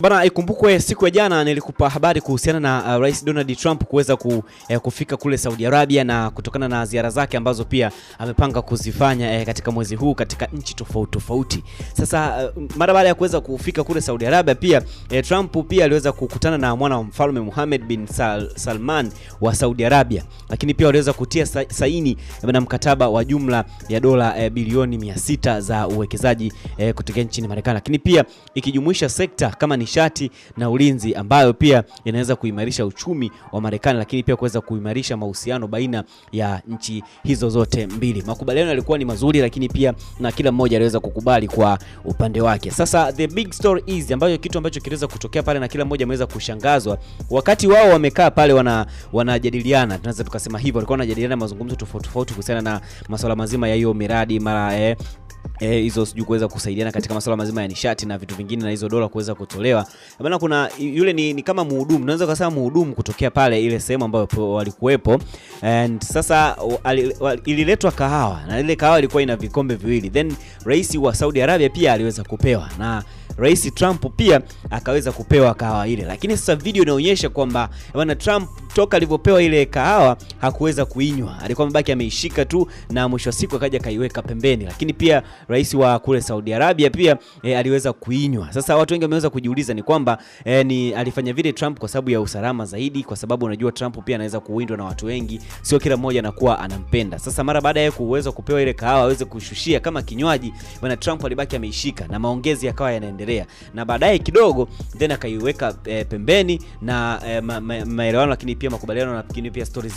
Bana, ikumbukwe siku ya jana nilikupa habari kuhusiana na uh, Rais Donald Trump kuweza ku, eh, kufika kule Saudi Arabia na kutokana na ziara zake ambazo pia amepanga kuzifanya eh, katika mwezi huu katika nchi tofauti tofauti. Sasa uh, mara baada ya kuweza kufika kule Saudi Arabia pia eh, Trump pia aliweza kukutana na mwana wa mfalme Mohammed bin Sal Salman wa Saudi Arabia, lakini pia waliweza kutia sa saini na mkataba wa jumla ya dola eh, bilioni 600 za uwekezaji eh, kutokea nchini Marekani, lakini pia ikijumuisha sekta kama ni nishati na ulinzi, ambayo pia inaweza kuimarisha uchumi wa Marekani, lakini pia kuweza kuimarisha mahusiano baina ya nchi hizo zote mbili. Makubaliano yalikuwa ni mazuri, lakini pia na kila mmoja aliweza kukubali kwa upande wake. Sasa the big story is ambayo kitu ambacho kiliweza kutokea pale na kila mmoja ameweza kushangazwa wakati wao wamekaa pale wana wanajadiliana, tunaweza tukasema hivyo, walikuwa wanajadiliana mazungumzo tofauti tofauti kuhusiana na masuala mazima ya hiyo miradi mara eh, Eh, hizo sijui kuweza kusaidiana katika masuala mazima ya nishati na vitu vingine na hizo dola kuweza kutolewa. Eh, maana kuna yule ni, ni kama mhudumu, naweza kusema mhudumu kutokea pale ile sehemu ambayo walikuwepo. And sasa ililetwa kahawa na ile kahawa ilikuwa ina vikombe viwili, then rais wa Saudi Arabia pia aliweza kupewa na Rais Trump pia akaweza kupewa kahawa ile, lakini sasa video inaonyesha kwamba bwana eh, Trump toka alivyopewa ile kahawa hakuweza kuinywa, alikuwa mabaki ameishika tu, na mwisho wa siku akaja kaiweka pembeni. Lakini pia rais wa kule Saudi Arabia pia e, aliweza kuinywa. Sasa watu wengi wameweza kujiuliza ni kwamba e, ni alifanya vile Trump kwa sababu ya usalama zaidi, kwa sababu unajua Trump pia anaweza kuwindwa na watu wengi, sio kila mmoja anakuwa anampenda. Sasa mara baada ya kuweza kupewa ile kahawa aweze kushushia kama kinywaji, bwana Trump alibaki ameishika na maongezi yakawa yanaendelea, na baadaye kidogo then akaiweka e, pembeni na e, maelewano ma, ma, lakini pia pia makubaliano, na pia stories